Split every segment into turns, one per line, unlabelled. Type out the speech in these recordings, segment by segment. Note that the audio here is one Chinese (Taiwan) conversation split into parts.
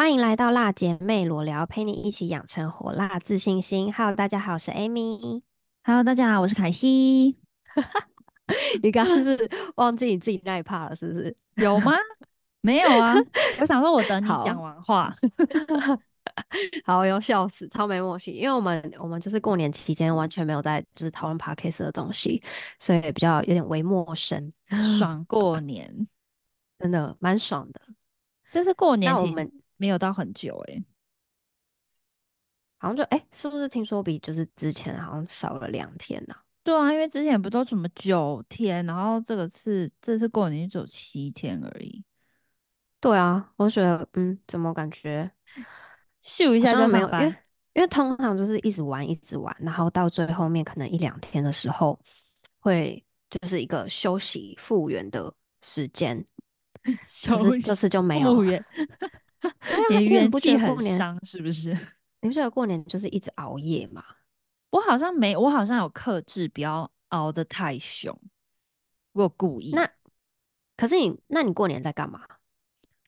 歡迎來到辣姐妹裸聊，陪你一起養成火辣自信心。Hello，大家好，我是 Amy。Hello，大家好，我是凱西。 你剛剛是不是忘記你自己在怕了？是不是？有嗎？ 沒有啊。 我想說，我等你講完話。 好，我要笑死，超沒默契。因為我們我們就是過年期間完全沒有在就是討論 Podcast 的東西，所以比較有點微陌生。爽過年， 真的蠻爽的。這是過年我們。沒有到很久哎、欸，好像就哎、欸，是不是聽說比就是之前好像少了兩天呢、啊？對啊，因為之前不都什麼九天，然後這個次這個、次過年就只有七天而已。對啊，我覺得嗯，怎麼感覺咻一下就沒有？沒有，因為因為通常就是一直玩一直玩，然後到最後面可能一兩天的時候會就是一個休息復原的時間，休息。可是這次就沒有了。 也怨氣很傷，是不是？ 你不覺得過年就是一直熬夜嗎？我好像沒，我好像有克制，不要熬得太凶。我有故意那，可是你，那你過年在幹嘛、嗯？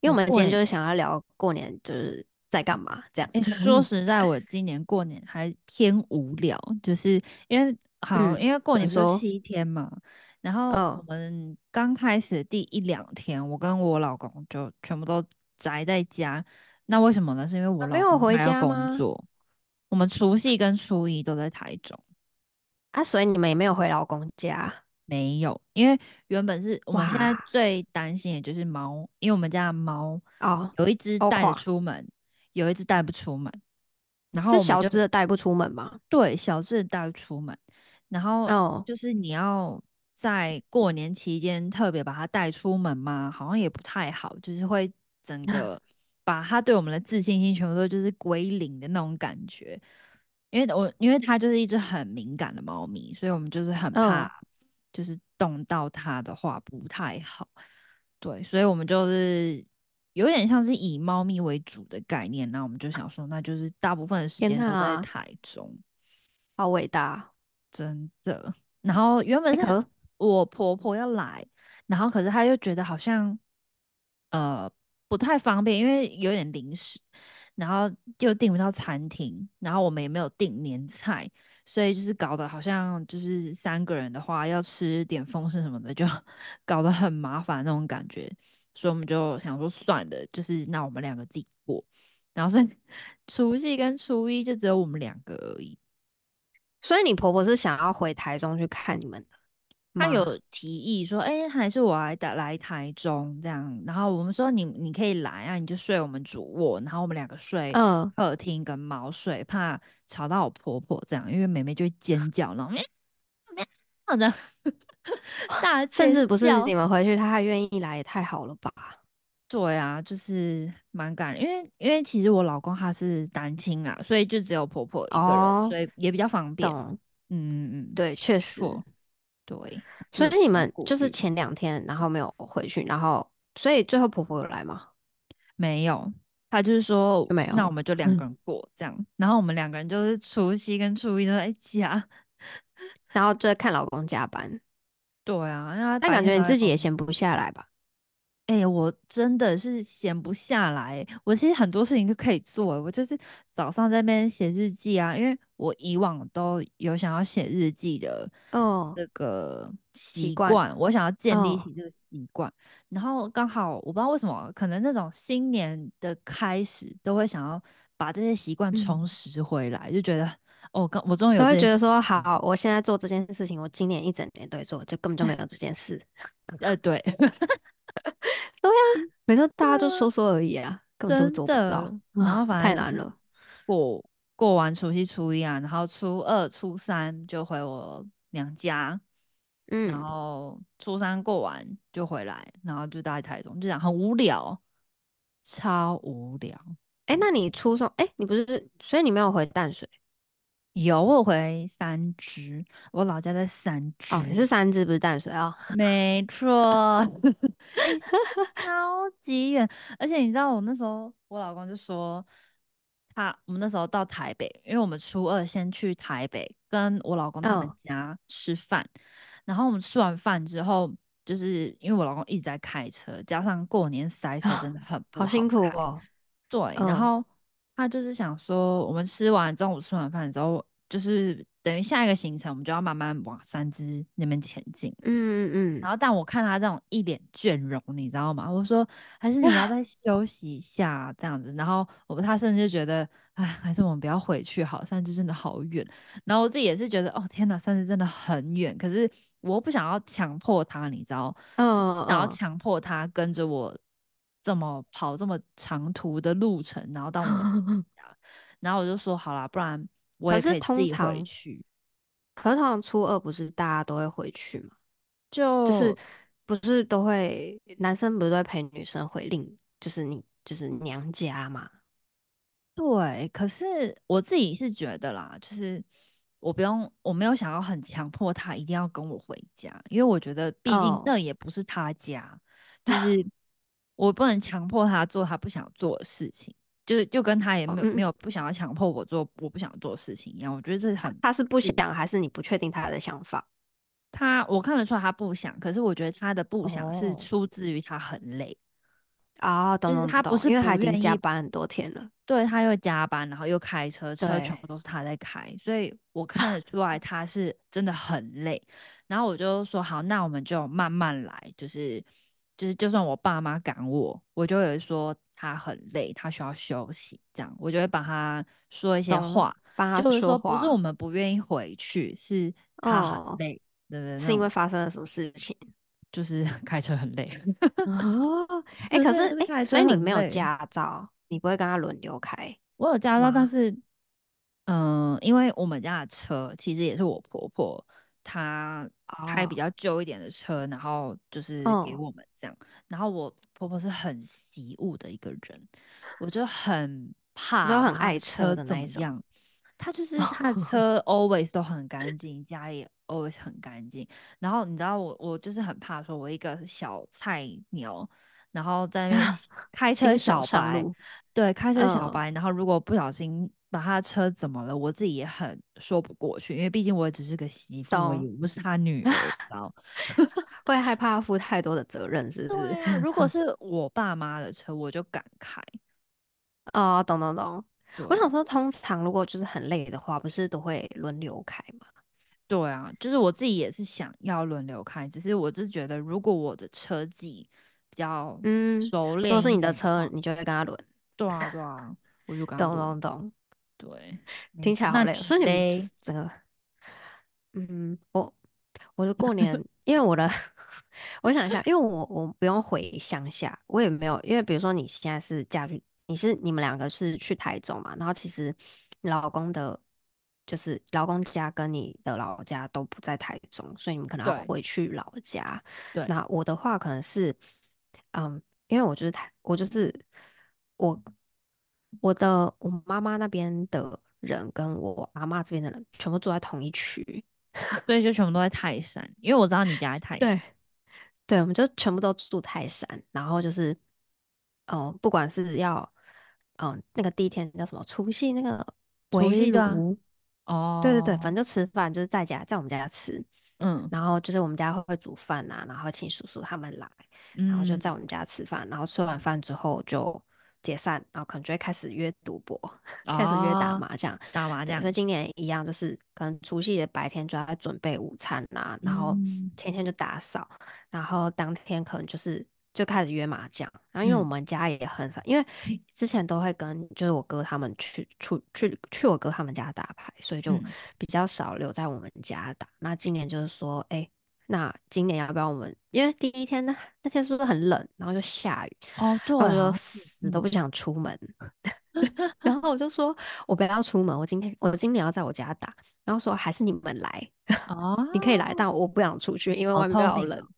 因為我們今天就是想要聊過年，就是在幹嘛這樣。欸、 說實在，我今年過年還偏無聊，就是因為好、嗯，因為過年不是七天嘛？嗯、然後我們剛開始第一兩天、哦，我跟我老公就全部都。宅在家，那為什麼呢？是因為我、啊、沒有回家。工作。我們除夕跟初一都在台中啊，所以你們也沒有回老公家？沒有，因為原本是我們現在最擔心的就是貓，因為我們家的貓有一隻帶出門，哦、有一隻帶、哦、不出門。然後是小隻的帶不出門嘛？對，小隻的帶不出門。然後就是你要在過年期間特別把它帶出門嗎？好像也不太好，就是會。整個把它對我們的自信心全部都是就是歸零的那種感覺，因為我因為它就是一隻很敏感的貓咪，所以我們就是很怕，就是動到它的話不太好。對，所以我們就是有點像是以貓咪為主的概念，那我們就想說，那就是大部分的時間都在台中，好偉大，真的。然後原本是和我婆婆要來，然後可是她又覺得好像，呃。不太方便，因為有點臨時，然後就訂不到餐廳，然後我們也沒有訂年菜，所以就是搞得好像就是三個人的話要吃點豐盛什麼的，就搞得很麻煩那種感覺，所以我們就想說算了，就是那我們兩個自己過，然後是除夕跟初一就只有我們兩個而已，所以你婆婆是想要回台中去看你們的？他有提議說：“哎、欸，還是我來台來台中這樣。”然後我們說你：“你你可以來啊，你就睡我們主臥，然後我們兩個睡客廳跟貓睡、嗯，怕吵到我婆婆這樣，因為妹妹就會尖叫，然後面好的，樣， 甚至不是你們回去，她還願意來也太，哦、意來也太好了吧？”對啊，就是蠻感人，因為因為其實我老公他是單親啊，所以就只有婆婆一個人，哦、所以也比較方便。嗯嗯嗯，對，確實。嗯對，所以你們就是前兩天，然後沒有回去、嗯，然後所以最後婆婆有來嗎？沒有，她就是說就沒有，那我們就兩個人過、嗯、這樣。然後我們兩個人就是除夕跟初一都在家，然後就在看老公加班。對啊，那但感覺你自己也閒不下來吧？哎、欸，我真的是閒不下來。我其實很多事情都可以做，我就是早上在那邊寫日記啊，因為我以往都有想要寫日記的哦那個習慣、哦，我想要建立起這個習慣、哦。然後剛好我不知道為什麼，可能那種新年的開始都會想要把這些習慣重拾回來，嗯、就覺得哦，剛我終於有都會覺得說，好，我現在做這件事情，我今年一整年都會做，就根本就沒有這件事。 呃，對。 對呀、啊，每次大家都說說而已啊，啊根本就做不到。然後反正太難了，過過完除夕初一啊，然後初二、初三就回我娘家，嗯，然後初三過完就回來，然後就待在台中，就這樣很無聊，超無聊。哎、欸，那你初中哎、欸，你不是，所以你沒有回淡水？有，我回三芝，我老家在三芝。哦，你是三芝不是淡水啊，哦？沒錯， 超級遠。而且你知道，我那時候我老公就說他，他我們那時候到台北，因為我們初二先去台北，跟我老公他們家吃飯。哦。然後我們吃完飯之後，就是因為我老公一直在開車，加上過年塞車真的很不好開。哦，好辛苦哦。對，然後。嗯他就是想說，我們吃完中午吃完飯之後，就是等於下一個行程，我們就要慢慢往三芝那邊前進。嗯嗯嗯。然後，但我看他這種一臉倦容，你知道嗎？我說還是你要再休息一下這樣子。然後我他甚至覺得，哎，還是我們不要回去好，三芝真的好遠。然後我自己也是覺得，哦天哪，三芝真的很遠。可是我不想要強迫他，你知道嗎？嗯。然後強迫他跟着我。Oh, oh. 怎麼跑這麼長途的路程，然後到我家 然後我就說好了，不然
我也可以自己回
去可，可是通常初二不是大家都會回去嗎？就就是不是都會男生不是都會陪女生回另就是你就是娘家嘛？對，可是我自己是覺得啦，就是我不用我沒有想要很強迫他一定要跟我回家，因為我覺得畢竟那也不是他家，oh. 就是。 我不能強迫他做他不想做的事情，就是就跟他也沒有沒有不想要強迫我做我不想做的事情一樣、哦嗯。我覺得這是很。他是不想還是你不確定他的想法？他我看得出來他不想，可是我覺得他的不想是出自於他很累啊，哦哦。懂懂、就是，他不是不願意，因為他已經加班很多天了，對他又加班，然後又開車，車全部都是他在開，所以我看得出來他是真的很累。 然後我就說好，那我們就慢慢來，就是。就是，就算我爸媽趕我，我就會說他很累，他需要休息，這樣，我就會把他說一些話，他話就是說不是我們不願意回去，是他很累。哦，是因為發生了什麼事情，就是開車很累。 哦，哎、欸，可是，、欸可是欸，所以你沒有駕照，你不會跟他輪流開？我有駕照，但是，嗯、呃，因為我們家的車其實也是我婆婆。他開比較舊一點的車，oh. 然後就是給我們這樣。Oh. 然後我婆婆是很惜物的一個人，我就很怕，就很愛車的那種。車怎麼樣。他就是他的、oh. 車 always 都很乾淨，oh. 家也 always 很乾淨。 然後你知道我，我就是很怕，說我一個小菜鳥，然後在那邊開車小白， 上上對，開車小白，oh. 然後如果不小心。把他的車怎麼了？我自己也很說不過去，因為畢竟我也只是個媳婦而已，我不是他女兒。懂， 會害怕負太多的責任，是不是？如果是我爸媽的車， 我就敢開。啊、哦，懂懂懂。我想說，通常如果就是很累的話，不是都會輪流開嘛？對啊，就是我自己也是想要輪流開，只是我就覺得，如果我的車技比較熟嗯熟練，都是你的車、嗯，你就會跟他輪。對啊對啊，我就跟。懂懂懂。懂對，聽起來好累。累，所以你這個，嗯，我我的過年， 因為我的，我想一下，因為我我不用回鄉下，我也沒有，因為比如說你現在是嫁去，你是你們兩個是去台中嘛？然後其實老公的，就是老公家跟你的老家都不在台中，所以你們可能要回去老家。對，那我的話可能是，嗯，因為我就是台，我就是我。嗯我的我媽媽那邊的人跟我阿嬤這邊的人全部住在同一區， 所以就全部都在泰山。因為我知道你家在泰山。對，對，我們就全部都住泰山。然後就是，嗯、不管是要，嗯，那個第一天叫什麼，除夕那個圍爐、啊、哦，對對對，反正就吃飯，就是在家在我們家，家吃。嗯，然後就是我們家會煮飯啊，然後請叔叔他們來，嗯、然後就在我們家吃飯。然後吃完飯之後就。解散，然後可能就會開始約賭博，哦、開始約打麻將，打麻將跟今年一樣，就是可能除夕的白天就要準備午餐啦，啊嗯，然後天天就打掃，然後當天可能就是就開始約麻將，然後因為我們家也很少，嗯、因為之前都會跟就是我哥他們去出去去，去我哥他們家打牌，所以就比較少留在我們家打。嗯、那今年就是說，哎、欸。那今年要不要我們？因為第一天呢，那天是不是很冷，然後就下雨，哦、對我就死、嗯、都不想出門。 然後我就說， 我不要出門，我今天我今年要在我家打。然後說還是你們來，哦、 你可以來到，但我不想出去，因為外面好冷。哦、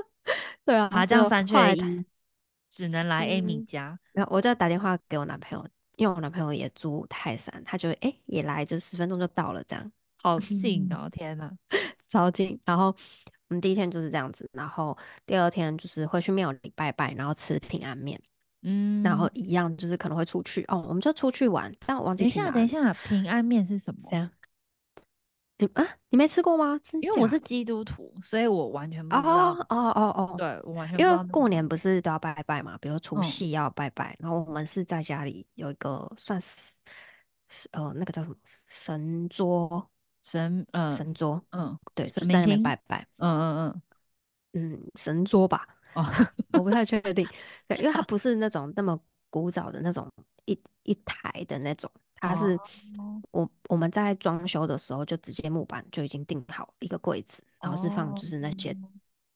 對啊，麻將三缺一，只能來 Amy 家。嗯。我就打電話給我男朋友，因為我男朋友也住泰山，他就哎、欸、也來，就十分鐘就到了這樣。好近哦，喔， 天哪！燒金，然後我們第一天就是這樣子，然後第二天就是會去廟裡拜拜，然後吃平安麵，嗯，然後一樣就是可能會出去哦，我們就出去玩。但我等一下，等一下，平安麵是什麼？這樣，你啊，你沒吃過嗎？因為我是基督徒，所以我完全不知道哦，哦哦哦哦，對、我完全不知道這個，因為過年不是都要拜拜嘛，比如除夕要拜拜、嗯，然後我們是在家裡有一個算是，是呃那個叫什麼神桌。神呃神桌，嗯，對，在那邊拜拜，嗯嗯嗯嗯神桌吧。哦、 我不太確定對，因為它不是那種那麼古早的那種一、啊、一台的那種，它是、哦、我我們在裝修的時候就直接木板就已經定好一個櫃子，然後是放就是那些、哦、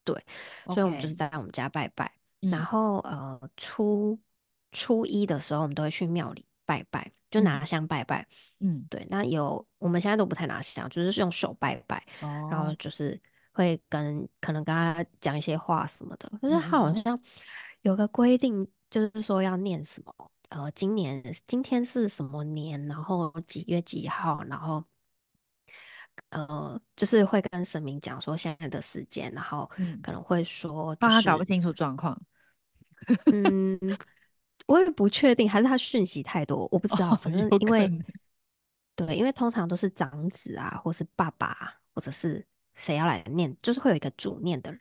對，所以我們就是在我們家拜拜，嗯、然後呃初初一的時候我們都會去廟裡。拜拜，就拿香拜拜，嗯，對。那有我們現在都不太拿香，就是用手拜拜，哦、然後就是會跟可能跟他講一些話什麼的。就、嗯、是他好像有個規定，就是說要念什麼，呃，今年今天是什麼年，然後幾月幾號，然後呃，就是會跟神明講說現在的時間，然後可能會說、就是，怕、嗯、他搞不清楚狀況，嗯。 我也不確定，還是他訊息太多，我不知道。反正因為、oh, no, 對，因為通常都是長子啊，或是爸爸，或者是誰要來念，就是會有一個主念的人，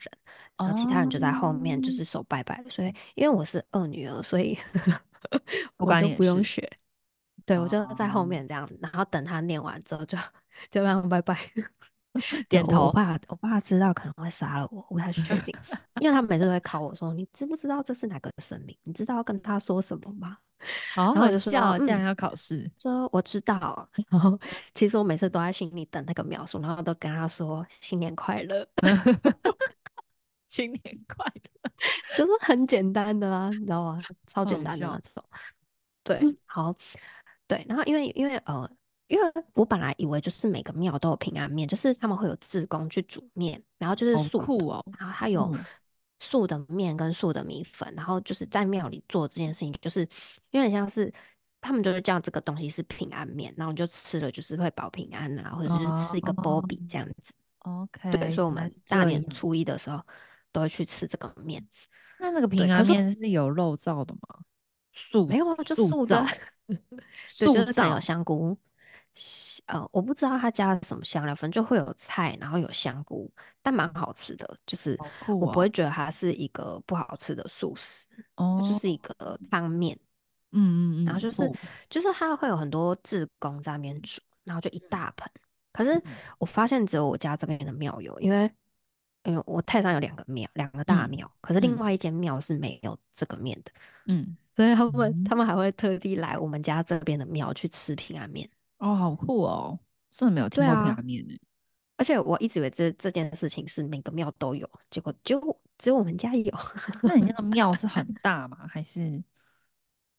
然後其他人就在後面就是手拜拜。Oh. 所以因為我是二女兒，所以 我就不用學不。對，我就在後面這樣，然後等他念完之後就就這樣拜拜。點頭，我爸我爸知道可能會殺了我，我太確定， 因為他每次都會考我說，你知不知道這是哪個神明？你知道要跟他說什麼嗎？好，好，然後就笑，這、嗯、樣要考試，說我知道。然、哦、後其實我每次都在心裡等那個描述，然後都跟他說新年快樂， 新年快樂，就是很簡單的啊，你知道嗎？超簡單的這種，對、嗯，好，對，然後因為因為呃。因為我本來以為就是每個廟都有平安麵，就是他們會有志工去煮麵，然後就是素哦，哦，然後它有素的麵跟素的米粉，嗯、然後就是在廟裡做這件事情，就是因為很像是他們就是叫這個東西是平安麵，然後就吃了就是會保平安吶、啊哦，或者就是吃一個波比這樣子，哦。OK，對，所以我們大年初一的時候都會去吃這個麵。那那個平安麵是有肉燥的嗎？素沒有啊，就素的，素就是有香菇。呃、嗯，我不知道他加了什麼香料，反正就會有菜，然後有香菇，但蠻好吃的。就是我不會覺得它是一個不好吃的素食，哦、就是一個湯麵、哦就是。嗯嗯嗯，然後就是、嗯、就是他會有很多志工在那邊煮，然後就一大盆。可是我發現只有我家這邊的廟有，因為、嗯、因為我泰山有兩個廟，兩個大廟、嗯，可是另外一間廟是沒有這個麵的嗯。嗯，所以他們他們還會特地來我們家這邊的廟去吃平安麵。哦，好酷哦！真的沒有聽過麵呢、啊，而且我一直以為這這件事情是每個廟都有，結果就只有我們家有。那 你那個廟是很大嗎？還是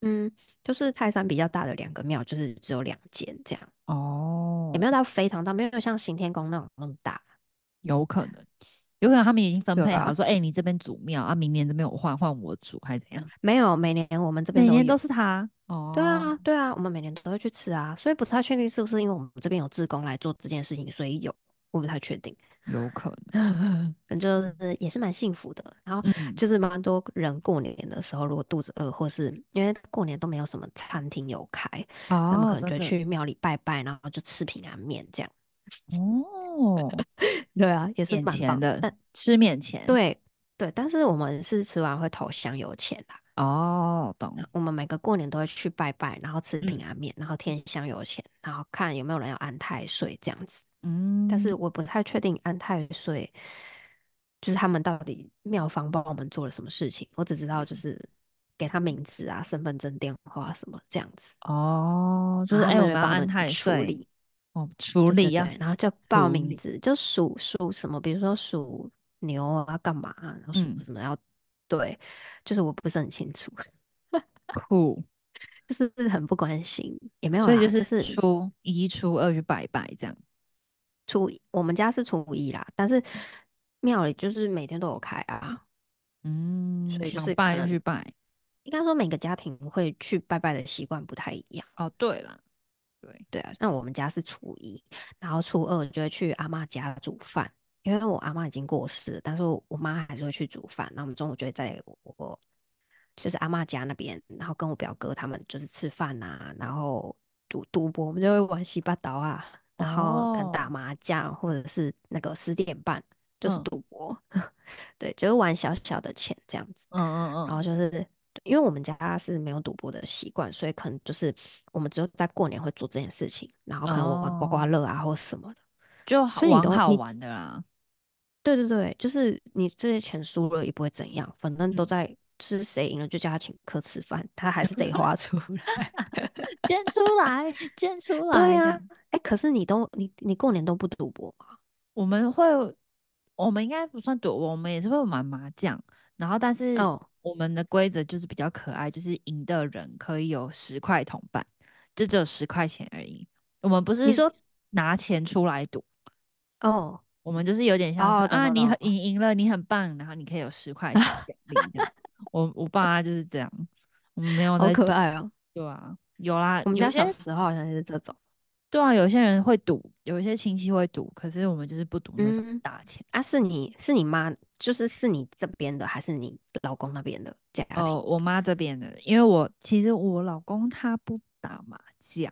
嗯，就是泰山比較大的兩個廟，就是只有兩間這樣哦。也沒有到非常大，沒有像行天宮那種那麼大，有可能。有可能他們已經分配了，啊、說：“哎、欸，你這邊煮廟啊，明年這邊我換換我煮，還是怎樣？”沒有，每年我們這邊每年都是他。哦、oh.，對啊，對啊，我們每年都會去吃啊，所以不太確定是不是因為我們這邊有志工來做這件事情，所以有，我不太確定。有可能， 就是也是蠻幸福的。然後就是蠻多人過年的時候，嗯、如果肚子餓，或是因為過年都沒有什麼餐廳有開，oh, 他們可能就去廟裡拜拜，然後就吃平安麵這樣。哦、oh, 對啊，也是免錢的，前的但，吃麵錢，對對，但是我們是吃完會投香油錢的。哦，懂。我們每個過年都會去拜拜，然後吃平安麵，嗯，然後添香油錢，然後看有沒有人要安太歲這樣子。嗯，但是我不太確定安太歲就是他們到底廟方幫我們做了什麼事情。我只知道就是給他名字啊、身份證、電話什麼這樣子。哦、oh, 就是哎，有、oh, 就是欸，、要安太歲。哦，處理啊，然後就報名字，就屬屬什麼，比如說屬牛啊，幹嘛，然後屬什麼要、嗯，對，就是我不是很清楚，酷， 就是很不關心，也沒有，所以就是是初一、初二去拜拜這樣，初一我們家是初一啦，但是廟裡就是每天都有開啊，嗯，所以就想拜就去拜，應該說每個家庭會去拜拜的習慣不太一樣哦，對了。對對啊，那我們家是初一，然後初二就會去阿嬤家煮飯，因為我阿嬤已經過世，但是我我媽還是會去煮飯。然後我們中午就會在我就是阿嬤家那邊，然後跟我表哥他們就是吃飯啊，然後賭賭博，我們就會玩洗把刀啊，然後跟打麻將、哦、或者是那個十點半就是賭博，嗯、 對，就是玩小小的錢這樣子，嗯嗯嗯，然後就是。因為我們家是沒有賭博的習慣，所以可能就是我們只有在過年會做這件事情，然後可能我們刮刮樂啊或什麼的，oh, 就好玩好玩的啦。對對對，就是你這些錢輸了也不會怎樣，反正都在，嗯、就是誰贏了就叫他請客吃飯，他還是得花出來， 捐出來，捐出來。對呀、啊，哎、欸，可是你都你你過年都不賭博嗎？我們會，我們應該不算賭，我們也是會玩麻將，然後但是。Oh. 我們的規則就是比較可愛，就是贏的人可以有十塊銅板，就只有十塊錢而已。我們不是你說拿錢出來賭哦，我們就是有點像是，哦，啊，嗯，你很贏，嗯，贏了，嗯，你很棒，然後你可以有十塊錢獎勵這樣。 我我爸就是這樣，我們沒有。好可愛啊！對啊，有啦。我們家小時候好像是這種。對啊，有些人會賭，有一些親戚會賭，可是我們就是不賭，沒什麼大錢、嗯、啊。是你是你媽，就是是你這邊的，還是你老公那邊的家家庭？哦，我媽這邊的，因為我其實我老公他不打麻將，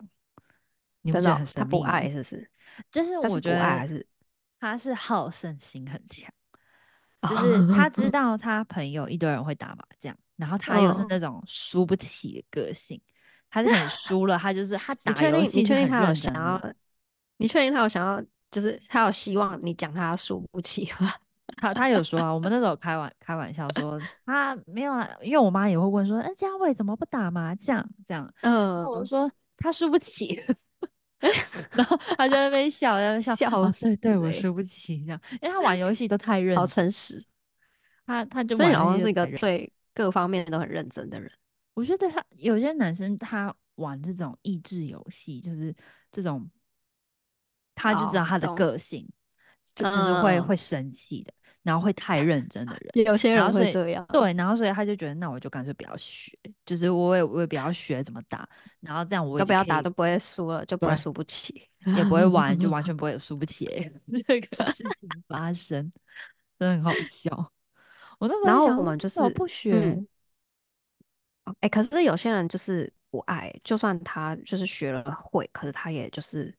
真的、嗯，他不愛，是不是？就是我覺得還是他是好勝心很強，就是他知道他朋友一堆人會打麻將、哦，然後他又是那種輸不起的個性。還是很輸了，他就是他打遊戲都你確定？你確定他有想要？你確定他有想要？就是他有希望？你講他輸不起嗎？他他有說啊， 我們那時候開玩開玩笑說他沒有啊，因為我媽也會問說，哎、欸，佳偉怎麼不打麻將？這樣，嗯，我說他輸不起， 然後他在那邊笑，那邊笑笑，笑對，對，我輸不起這樣，因為他玩遊戲都太認真，好誠實，他他就、就，所以你老公是一個對各方面都很認真的人。我覺得他有些男生，他玩這種益智遊戲，就是這種，他就知道他的個性，哦、就，就是會、嗯、會生氣的，然後會太認真的人，有些人會這樣。對，然後所以他就覺得，那我就乾脆不要學，就是我也我也不要學怎麼打，然後這樣我也都不要打都不會輸了，就不會輸不起，也不會玩， 就完全不會輸不起那個 事情發生，真的很好笑。 我那時候想我們就是我不學。嗯哎、欸，可是有些人就是不愛，就算他就是學了會，可是他也就是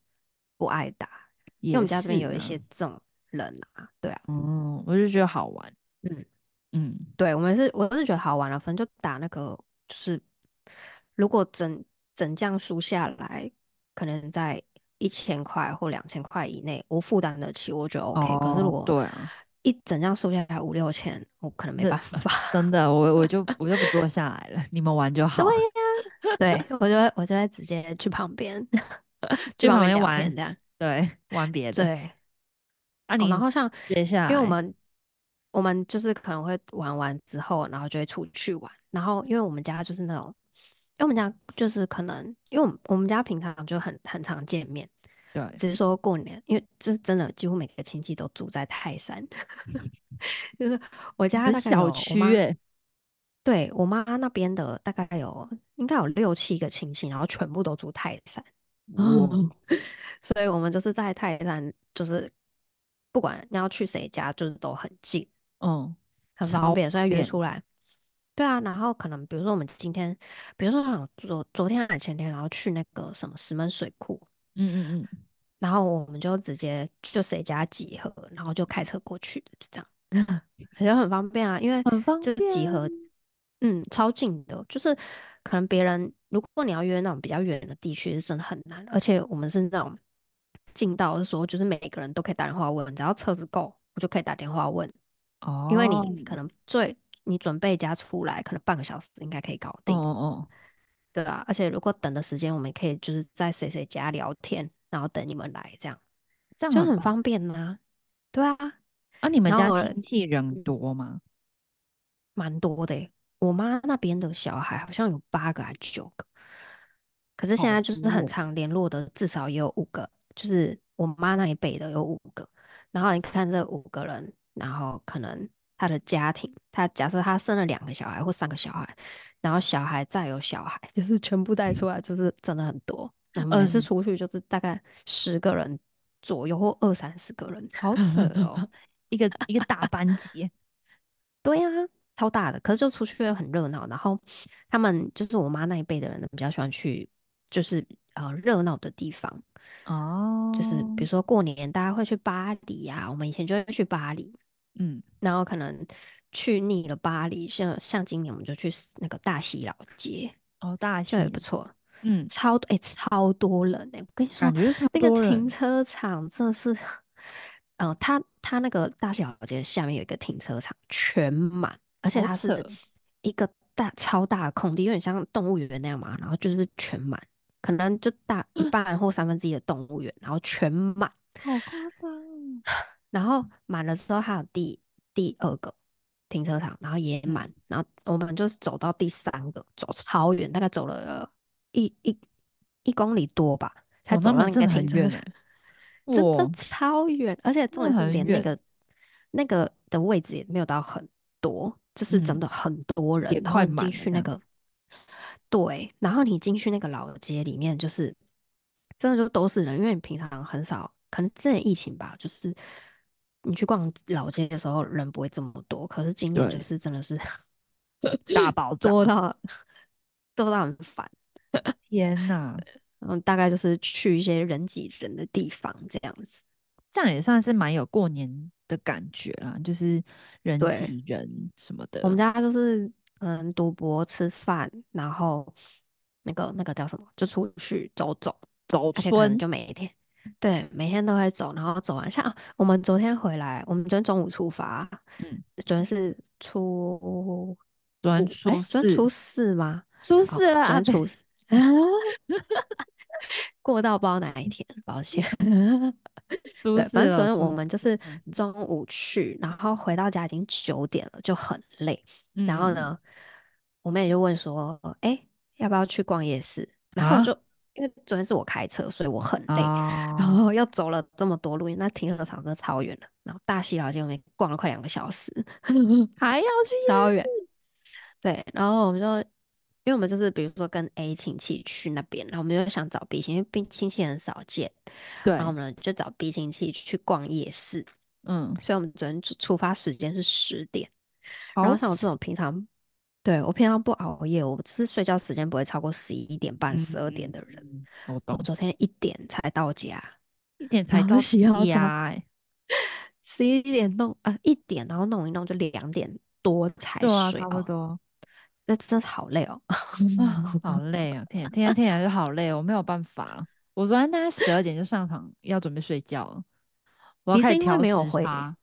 不愛打，因為我們家這邊有一些這種人啊，對啊，嗯，我就覺得好玩，嗯嗯，對我們是我是覺得好玩了，反正就打那個，就是如果整整將輸下來，可能在一千塊或兩千塊以內，我負擔得起，我覺得 OK、哦。可是如果對。一整張收下來五六千，我可能沒辦法。真的，我我就我就不坐下來了， 你們玩就好。 對呀，對我就會，我就會直接去旁邊， 去旁邊邊玩的， 對，玩別的。對，啊，你、哦、然後像，等一下，因為我們我們就是可能會玩完之後，然後就會出去玩，然後因為我們家就是那種，因為我們家就是可能，因為我們我們家平常就很很常見面。對，只是說過年，因為這是真的，幾乎每個親戚都住在泰山。 就是我家的小區、欸，對我媽那邊的大概有應該有六七個親戚，然後全部都住泰山。哦， 所以我們就是在泰山，就是不管你要去誰家，就是都很近。
嗯，很方便，所以約出
來、嗯。對啊，然後可能比如說我們今天，比如說像昨昨天還前天，然後去那個什麼石門水庫。嗯嗯嗯，然後我們就直接就誰家集合，然後就開車過去就這樣， 也很方便啊，因為很方便就集合，嗯，超近的，就是可能別人如果你要約那種比較遠的地區，是真的很難，而且我們是那種近到的時候就是每一個人都可以打電話問，只要車子夠，我就可以打電話問。哦，因為你可能最你準備一下出來，可能半個小時應該可以搞定哦哦。對啊，而且如果等的時間，我們可以就是在誰誰家聊天，然後等你們來，這樣這樣就很方便啊。對啊，啊，你們家親戚人多嗎？蠻多的、欸，我媽那邊的小孩好像有八個還是九個，可是現在就是很常聯絡的，至少也有五個、哦，就是我媽那一輩的有五個。然後你看這五個人，然後可能。他的家庭，他假設他生了兩個小孩或三個小孩，然後小孩再有小孩，就是全部帶出來，就是真的很多。嗯， 是出去就是大概十個人左右或二三十個人，好扯哦， 一個一個大班級。 對啊，超大的，可是就出去又很熱鬧。然後他們就是我媽那一輩的人比較喜歡去，就是呃熱鬧的地方。哦、oh.，就是比如說過年大家會去巴黎啊，我們以前就會去巴黎。嗯，然後可能去膩了巴黎，像像今年我們就去那個大溪老街哦，大溪也不錯，嗯，超哎、欸、超多人哎、欸，我跟你說、啊你，那個停車場真的是，嗯、呃，他它，它那個大溪老街下面有一個停車場全滿，哦、而且它是一個大超大的空地、嗯，有點像動物園那樣嘛，然後就是全滿，可能就大一半或三分之一的動物園，嗯、然後全滿，好誇張、哦。然後滿了之後還有第第二個停車場，然後也滿，嗯、然後我們就是走到第三個，走超遠，大概走了一一一公里多吧，才走到這個停車場、哦，那真的很遠。真的超遠，而且重點是連那個那、那個的位置也沒有到很多，就是真的很多人、嗯，也快滿了。然後你進去那個，對，然後你進去那個老街裡面，就是真的就都是人，因為你平常很少，可能之前疫情吧，就是。你去逛老街的時候，人不會這麼多。可是今年就是真的是大寶多 到多到很煩。 天哪！嗯， 大概就是去一些人擠人的地方，這樣子，這樣也算是蠻有過年的感覺啦，就是人擠人什麼的。我們家就是嗯，賭博、吃飯，然後那個那個叫什麼，就出去走走，走村，就每一天。對，每天都會走，然後走完，像我們昨天回來，我們昨天中午出發，嗯，昨天是初五，昨天初四，昨天初四嗎？初四啊，哦、昨天初四、哦，過到不知道哪一天，抱歉四。對，反正昨天我們就是中午去，然後回到家已經九點了，就很累。嗯、然後呢，我們也就問說，哎，要不要去逛夜市？然後就。啊因為昨天是我開車，所以我很累，oh. 然後又走了這麼多路，那停車場真的超遠了。然後大西老街那邊逛了快兩個小時，還要去夜市，對。然後我們就，因為我們就是比如說跟 A 親戚去那邊，然後我們又想找 B 親，因為 B 親戚很少見，然後我們就找 B 親戚去逛夜市，嗯。所以我們昨天出出發時間是十點，
然後像我這種
平常。對，我平常不熬夜，我只是睡覺時間不會超過十一點半、十、嗯、二點的人，嗯。我昨天一點才到家，一點才到家，十一點弄呃、啊、一點，然後弄一弄就兩點多才睡，啊，差不多。那真的好累哦， 哦，好累啊！天啊、天、啊、天天、啊、就是好累，我沒有辦法。我昨天大概十二點就上床 要準備睡覺了我。你是因為沒有回，啊，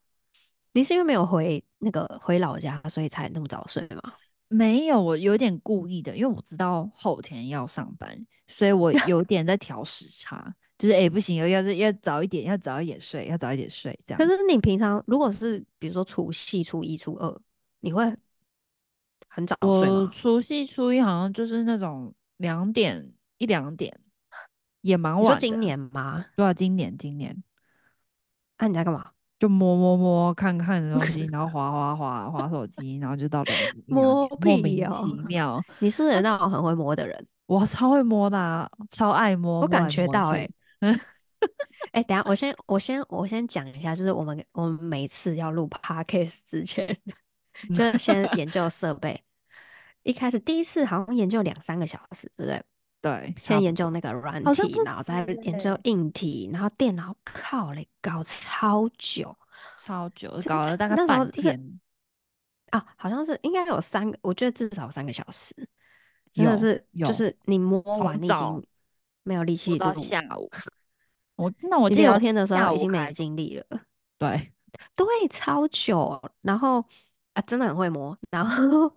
你是因為沒有回那個回老家，所以才那麼早睡嗎？沒有，我有點故意的，因為我知道後天要上班，所以我有點在調時差， 就是哎、欸、不行，要要要早一點，要早一點睡，要早一點睡這樣。可是你平常如果是比如說除夕、初一、初二，你會很早睡嗎？除夕初，初一好像就是那種兩點一兩點，也蠻晚。說今年嗎？對啊，今年今年。啊你在幹嘛？就摸摸摸看看的東西，然後滑滑滑滑 手機，然後就到了、哦、莫名其妙。摸莫名其妙，你是不是也那種很會摸的人？我超會摸的、啊，超愛摸。我感覺到哎、欸，哎、 欸，等下我先我先我先講一下，就是我們我們每次要錄 Podcast 之前， 就先研究設備。 一開始第一次好像研究兩三個小時，對不對？對，先研究那個軟體、欸，然後再研究硬體，然後電腦靠嘞，搞超久，超久，搞了大概半天啊，好像是應該有三個，我覺得至少三個小時，真的、那個，是就是你摸完你已經沒有力氣到下午，我那我聊天的時候已經沒精力了，對對，超久，然後。啊、真的很會摸，然後，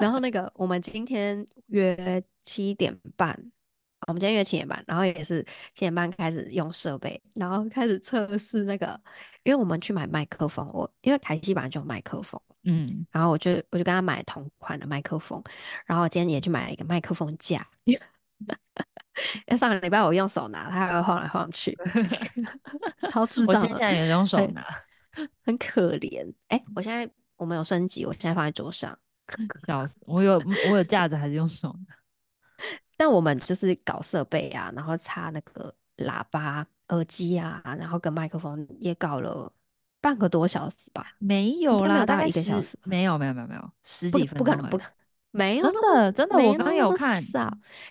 然後那個， 我們今天約七點半，我們今天約七點半，然後也是七點半開始用設備，然後開始測試那個，因為我們去買麥克風，我因為凱西本來就有麥克風，嗯，然後我就我就跟他買同款的麥克風，然後我今天也去買了一個麥克風架， 上個禮拜我用手拿，他還會晃來晃去， 超刺激。我現在也用手拿，很可憐，哎、欸，我現在。我們有升級，我現在放在桌上。笑死！我有我有架子，還是用手 但我們就是搞設備啊，然後插那個喇叭、耳機啊，然後跟麥克風也搞了半個多小時吧。沒有啦，有大概 10, 大概一個小時。沒有沒有沒有沒有，十幾分鐘，不不可能不可能，沒有的，真的、真的、真的我剛有看，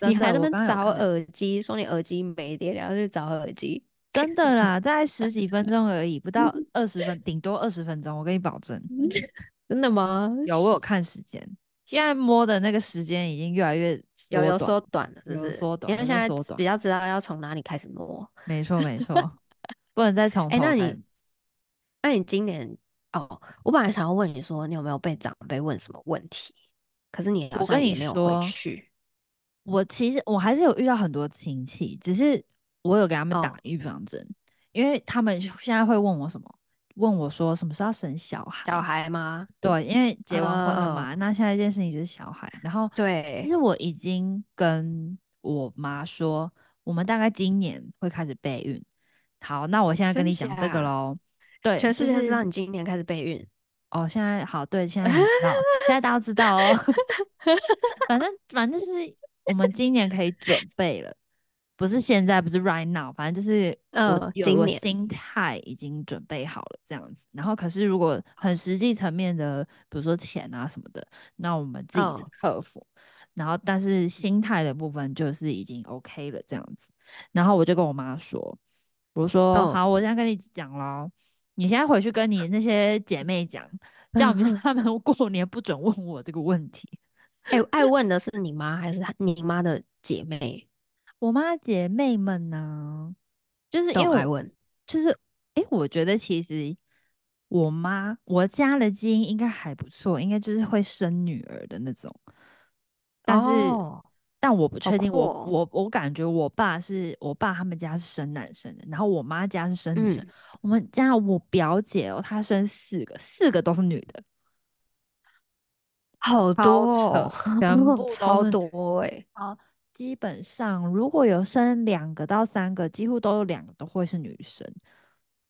你還在那邊找耳機，說你耳機沒電了，就找耳機。 真的啦，在十幾分鐘而已，不到二十分，頂 多二十分鐘，我跟你保證。 真的嗎？有我有看時間，現在摸的那個時間已經越來越短有有縮短了，是、就、不是？縮短，因為現在短比較知道要從哪裡開始摸。沒錯沒錯， 不能再重複、 欸。那你那你今年哦，我本來想要問你說你有沒有被長輩問什麼問題，可是你好像也沒有回去。我其實我還是有遇到很多親戚，只是。我有給他們打預防針、哦，因為他們現在會問我什麼？問我說什麼時候要生小孩？小孩嗎？對，因為結完婚了嘛，哦，那現在這件事情就是小孩。然後對，其實我已經跟我媽說，我們大概今年會開始備孕。好，那我現在跟你講這個嘍。對，全世界知道你今年開始備孕。哦，現在好，對，現在 好，現在大家都知道哦。反 正反正，反正是我們今年可以準備了。不是現在，不是 right now，反正就是呃，有心態已經準備好了這樣子。呃、然後，可是如果很實際層面的，比如說錢啊什麼的，那我們自己就克服。哦、然後，但是心態的部分就是已經 OK 了這樣子。然後我就跟我媽說，我說、哦、好，我現在跟你講嘍，你現在回去跟你那些姐妹講，叫他們過年不准問我這個問題。哎、 欸，愛問的是你媽還是你媽的姐妹？我媽姐妹們呢，啊，就是因為就是、欸、我覺得其實我媽我家的基因應該還不錯，應該就是會生女兒的那種。但是、哦、但我不確定，我我我感覺我爸是我爸他們家是生男生的，然後我媽家是生女生。嗯、我們家我表姐哦，她生四個，四個都是女的，好多，哦，然後 超多哎、欸基本上，如果有生兩個到三個，幾乎都有兩個都會是女生，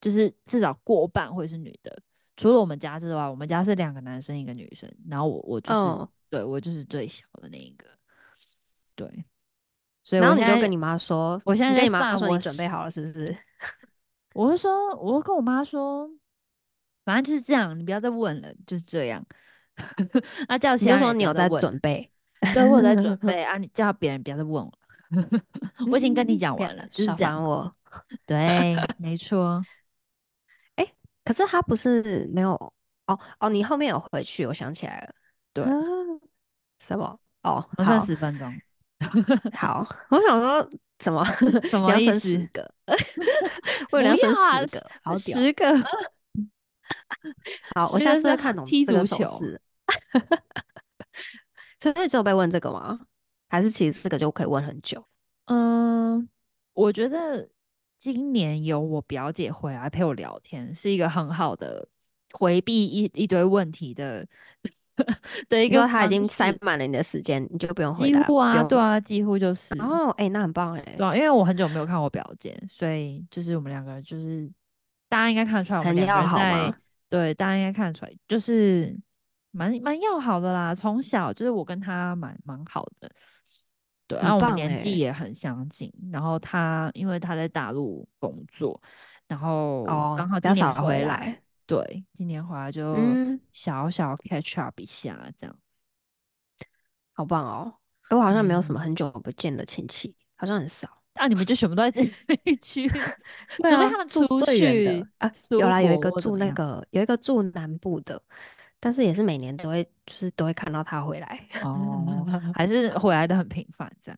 就是至少過半會是女的。除了我們家之外，我們家是兩個男生一個女生，然後我我就是、哦、對我就是最小的那一個，對。所以我，然後你就跟你媽說，我現在跟你媽說你準備好了是不是？你你我會說，我會跟我媽說，反正就是這樣，你不要再問了，就是這樣。那、 啊、叫起來，你就說你有在準備。跟我，在準備 啊！你叫別人不要再問我， 我已經跟你講完了，就是講我。對， 沒錯。哎、欸，可是他不是沒有哦哦，你後面有回去，我想起來了。對，什麼？哦，我剩十分鐘。 好，我想說怎麼怎麼省 十， 十個？我了省、啊、十個，好，十個。好，我下次再看懂這個手勢。 所以只有被問這個嗎？還是其實四個就可以問很久？嗯，我覺得今年有我表姐回來陪我聊天，是一個很好的回避一一堆問題的 的一個。他已經塞滿了你的時間，你就不用回答。幾乎啊，對啊，幾乎就是。哦，後哎，那很棒哎、欸，對、啊，因為我很久沒有看我表姐，所以就是我們兩個人就是大家應該看得出來，我們兩個人在要好對大家應該看得出來，就是。蠻蠻要好的啦，從小就是我跟他蠻蠻好的，對，然後、欸啊、我們年紀也很相近，然後他因為他在大陸工作，然後剛、哦、好今年回來，回來，對，今年回來就小小 catch up 一下這樣，嗯、好棒哦！哎，我好像沒有什麼很久不見的親戚、嗯，好像很少，那、啊、你們就全部都在這一區、 啊、除非他們住最遠的去啊，有啦，有一個住那個有一個住南部的。但是也是每年都會，就是都會看到她回來哦， 還是回來得很頻繁這樣。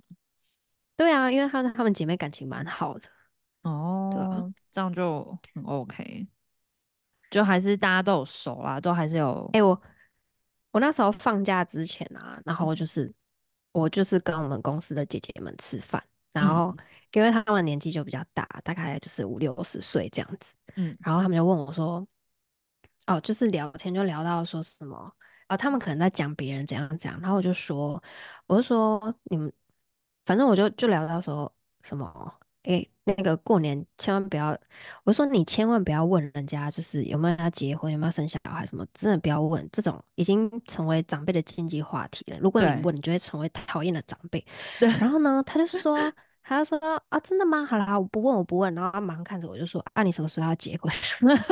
對啊，因為她她們姐妹感情蠻好的哦，對啊，這樣就很 OK，就還是大家都有熟啦，啊，都還是有。哎，欸，我我那時候放假之前啊，嗯、然後就是我就是跟我們公司的姐姐們吃飯，然後因為她們年紀就比較大，大概就是五六十歲這樣子，嗯，然後他們就問我說。哦，就是聊天就聊到說什麼啊、哦，他們可能在講別人怎樣怎樣，然後我就說，我就說你們，反正我就就聊到說什麼，哎，那個過年千萬不要，我說你千萬不要問人家，就是有沒有要結婚，有沒有生小孩什麼，真的不要問這種已經成為長輩的禁忌話題了。如果你問，你就會成為討厭的長輩。然後呢，他就是說，他就說啊，真的嗎？好啦，我不問，我不問。然後他馬上看着我就說，啊，你什麼時候要結婚？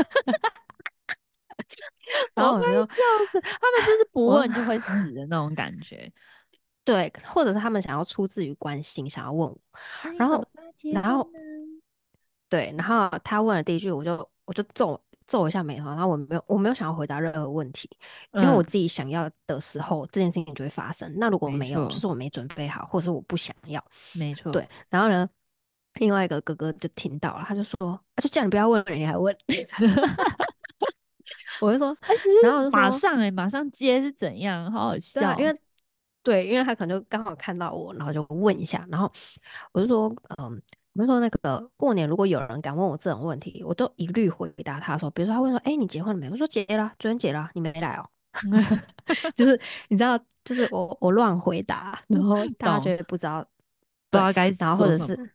然後我就
是他們就是不問就會死的那種感覺， 對，或者是他們想要出自於關心想要問我。然後，然後，對，然後他問了第一句，我就我就皺皺一下眉頭，然後我沒有我沒有想要回答任何問題，因為我自己想要的時候、嗯、這件事情就會發生。那如果沒有沒錯，就是我沒準備好，或者是我不想要。沒錯，對。然後呢，另外一個哥哥就聽到了，他就說：“他就叫你不要問你，你還問。 ”我就說，欸、然後我就馬上哎、欸，馬上接是怎樣，好好笑。啊、因為對，因為他可能就剛好看到我，然後就問一下。然後我就說，嗯、呃，我就說那個過年，如果有人敢問我這種問題，我都一律回答他說，比如說他問說，哎、欸，你結婚了沒？我說結了，昨天結了，你沒來哦。 就是你知道，就是我我亂回答，然後大家不知道、嗯，
不知道該然後或者是。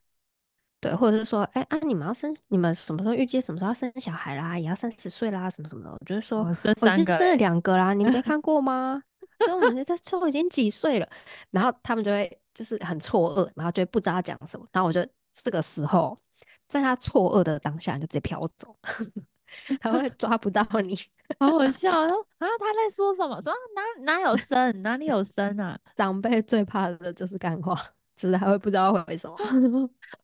對，或者是說，哎、欸、啊，你們要生，你們什麼時候預計什麼時候要生小孩啦，也要三十歲啦，什麼什麼的。我就是說，哦、生三個我是生了兩個啦，你們沒看過嗎？就 我們這都已經幾歲了，然後他們就會就是很錯愕，然後就會不知道講什麼。然後我就這個時候，在他錯愕的當下，就直接飄走， 他會抓不到你， 好好笑。然後、啊、他在說什麼？說哪哪有生，哪裡有生啊？長輩最怕的就是幹話。只、就是還會不知道會為什麼，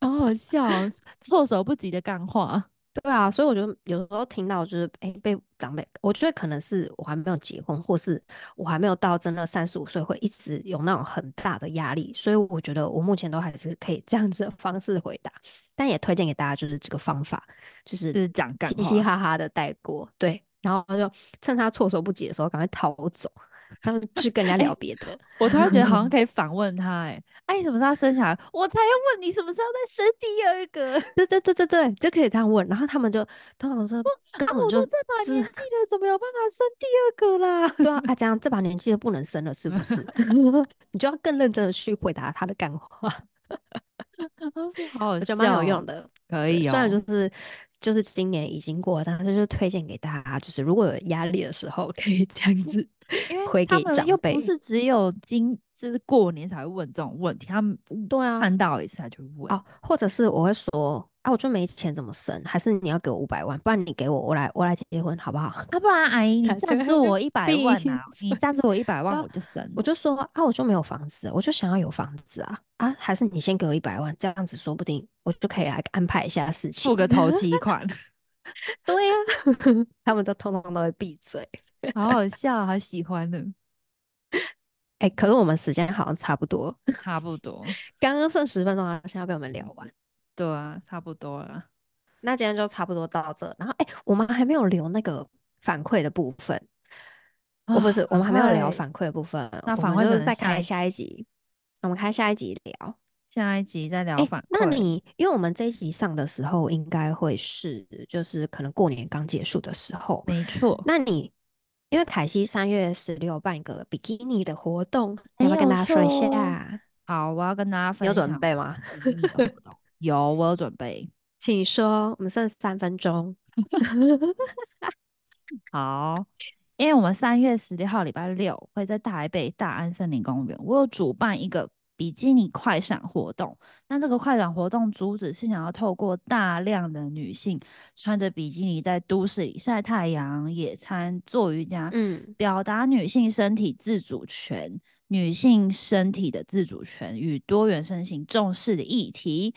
哦、好好笑、哦，措手不及的幹話。對啊，所以我覺得有時候聽到就是，哎、欸，被長輩，我覺得可能是我還沒有結婚，或是我還沒有到真的三十五歲，會一直有那種很大的壓力。所以我覺得我目前都還是可以這樣子的方式回答，但也推薦給大家，就是這個方法，就是就是講幹話，嘻嘻哈哈的帶過，對，然後就趁他措手不及的時候，趕快逃走。他們去跟人家聊別的、欸，我突然覺得好像可以反問他、欸，哎、嗯，哎、啊，什麼時候要生小孩？ 我才要問你什麼時候再生第二個？對對對對對，就可以這樣問。然後他們就通常說，就啊，我說這把年紀了，怎麼有辦法生第二個啦？對啊，啊這，這這把年紀就不能生了是不是？ 你就要更認真地去回答他的幹話，好 好好笑，蠻有用的，可以。雖然就是。就是今年已經過了，但是就推薦給大家，就是如果有壓力的時候，可以這樣子回給長輩。不是只有今就是過年才會問這種問題，他們對啊，看到一次才去他就是、才問，問,他才去問、啊 Oh, 或者是我會說。啊，我就沒錢怎麼生？還是你要給我五百萬？不然你給我，我來我來結婚好不好？要、啊、不然阿姨、哎，你贊助我一百萬啊！你贊助我一百萬，我就生、啊。我就說啊，我就沒有房子，我就想要有房子啊啊！還是你先給我一百萬，這樣子說不定我就可以來安排一下事情，付個頭期款。 對呀、啊， 他們都通通都會閉嘴， 好好笑，好喜歡呢。哎、欸，可是我們時間好像差不多，差不多，剛剛剩十分鐘啊，好像要被我們聊完。.對啊，差不多了。那今天就差不多到這。然後，哎、欸，我們還沒有留那個反饋的部分。哦、啊，不是，我們還沒有聊反饋的部分。那反饋就是再開下、下一集。我們開下一集聊，下一集再聊反、欸、那你，因為我們這一集上的時候，應該會是就是可能過年剛結束的時候。沒錯。那你，因為凱西三月十六辦一個比基尼的活動，我、哎、要不要跟大家說一下？好，我要跟大家分有準備嗎？ 有，我有準備，請說。我們剩三分鐘。 好，因為我們三月十六號禮拜六會在台北大安森林公園，我有主辦一個比基尼快閃活動。那這個快閃活動主旨是想要透過大量的女性穿着比基尼在都市裡曬太陽、野餐、做瑜伽，嗯，表達女性身體自主權、女性身體的自主權與多元身形重視的議題。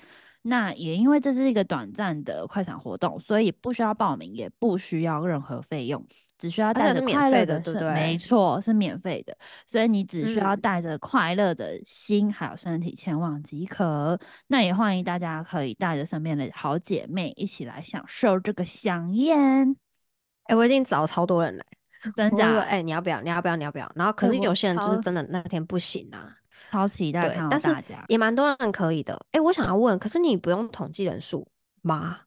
那也因為這是一個短暫的快閃活動，所以不需要報名，也不需要任何費用，只需要帶着免費的，對，對沒錯，是免費的，所以你只需要帶着快樂的心還有身體、嗯、前往即可。那也歡迎大家可以帶着身邊的好姐妹一起來享受這個香艷。哎、欸，我已經找了超多人來，真的，假的，哎、欸，你要不要？你要不要？你要不要？然後可是有些人就是真的那天不行啊。超期待！但是也蠻多人可以的。誒、欸，我想要問，可是你不用統計人數嗎？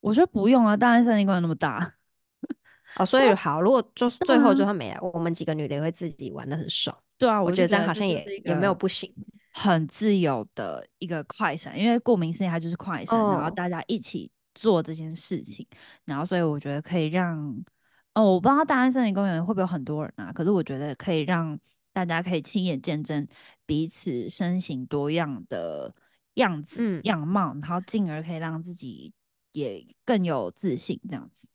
我說不用啊，大安森林公園那麼大。 哦，所以好，如果就是最後就算沒來，嗯、我們幾個女的會自己玩的很爽。對啊，我覺得這樣好像也是也沒有不行，很自由的一個快閃。因為顧名思義，它就是快閃、哦，然後大家一起做這件事情、嗯，然後所以我覺得可以讓……哦，我不知道大安森林公園會不會有很多人啊？可是我覺得可以讓。大家可以親眼見證彼此身形多樣的樣子、嗯、樣貌，然後進而可以讓自己也更有自信這樣子。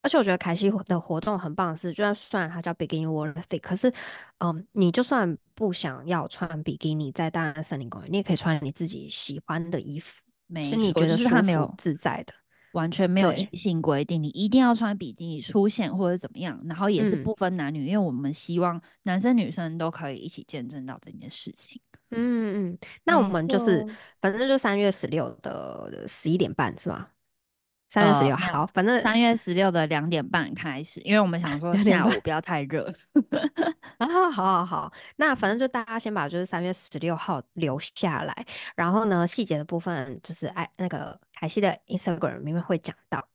而且我覺得凱西的活動很棒的是，就算雖然它叫 Bikini World Fit，可是，嗯，你就算不想要穿比基尼，在大安森林公園，你也可以穿你自己喜歡的衣服，沒，所以你覺得舒服自在的。完全沒有硬性規定，你一定要穿比基尼出現或者怎麼樣，然後也是不分男女、嗯，因為我們希望男生女生都可以一起見證到這件事情。嗯嗯，那我們就是、嗯、反正就三月十六的十一點半是吧？三月十六、哦、好，反正三月十六的兩點半開始，因為我們想說下午不要太熱。 啊，好好好，那反正就大家先把就是三月十六號留下來，然後呢，細節的部分就是哎那個。凱西的 Instagram 明明會講到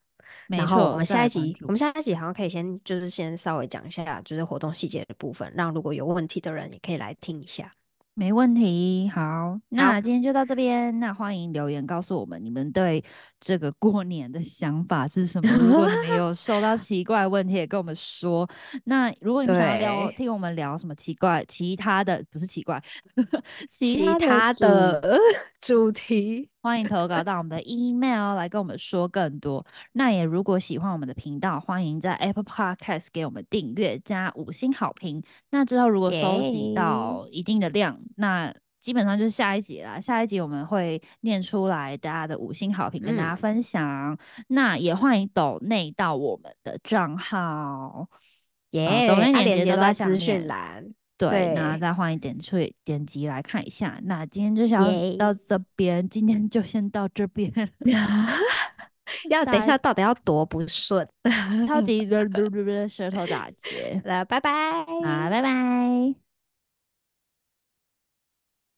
沒錯，然後我們下一集，我們下一集好像可以先，就是先稍微講一下，就是活動細節的部分，讓如果有問題的人也可以來聽一下。沒問題，好，那、啊、好，今天就到這邊，那歡迎留言告訴我們你們對這個過年的想法是什麼？ 如果你們有收到奇怪的問題，也跟我們說。那如果你們想要聊，聽我們聊什麼奇怪，其他的不是奇怪 其、其他的主題。歡迎投稿到我們的 email 來跟我們說更多。那也如果喜歡我們的頻道，歡迎在 Apple Podcast 給我們訂閱加五星好評。那之後如果收集到一定的量，yeah. 那基本上就是下一集啦。下一集我們會念出來大家的五星好評跟大家分享。嗯、那也歡迎抖內到我們的賬號，
耶、yeah, 哦，我、yeah, 內連結都在資訊
對，那再換一點去剪輯來看一下。那今天就想到這邊，yeah. 今天就先到這邊。 要等一下，到底要多不順、 嗯，超級的嘟嘟嘟舌頭打結。 來，拜拜啊，拜拜。